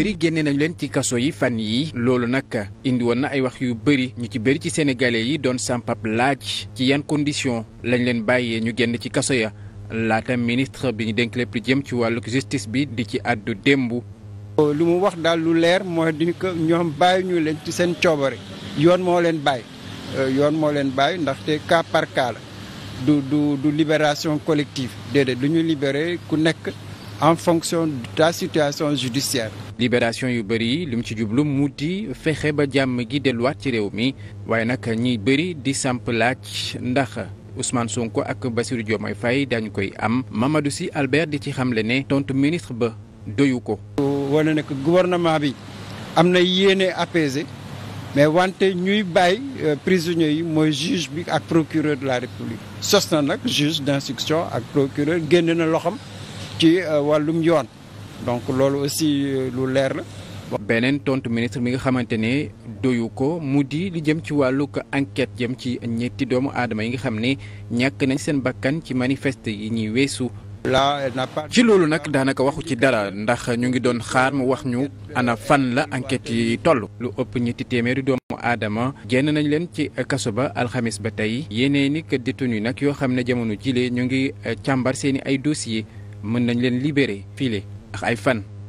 bëri génne nañu leen ci kaso yi fan yi loolu nag indi woon na ay wax yu bëri ñu ci bëri ci sénégalais yi doon sampap laaj ci yan condition lañ leen bàyyee ñu génn ci kaso ya laata ministre bi ñu dénk lépp jëm ci wàllu justice bi di ci àddu démb. lu mu wax daal lu leer mooy di ko ñoom bàyyi ñu leen ci seen coobare yoon moo leen bàyyi euh, yoon moo leen bàyyi ndaxte cas par cas du du du libération collective déedéet du ñu libéré ku nekk. en fonction de ta situation judiciaire. libération yu bëri yi lim ci jublu mu di fexe ba jàmm gi delluwaat ci réew mi waaye nag ñiy bëri di samp laaj ndax Ousmane Sonko ak Bassirou Diomaye Faye dañu koy am Mamadou Sy Albert di ci xamle ne tontu ministre ba doyu ko. wane ne gouvernement bi am na yéene apaisé mais wante ñuy bàyyi euh, prisonniers yi mooy juge bi ak procureur de la république sos na nag juge d'instruction ak procureur génn na loxam. ci euh, wàllum yoon donc loolu aussi euh, lu leer la. beneen tontu ministre mi nga xamante ne doyu ko mu di li jëm ci wàllu enquête jëm ci ñetti doomu aadama yi nga xam ne ñàkk nañ seen bakkan ci manifeste yi ñuy weesu. ci loolu nag daanaka waxu ci dara ndax ñu ngi doon xaar mu wax ñu ana fan la enquête yi toll. lu ëpp ñetti téeméeri doomu aadama génn nañ leen ci kaso ba alxamis ba tey yeneen i yi nag yoo xam ne jamono jile ñu ngi euh, càmbar seeni ay dossier mën nañ leen libérer filer ak ay fan.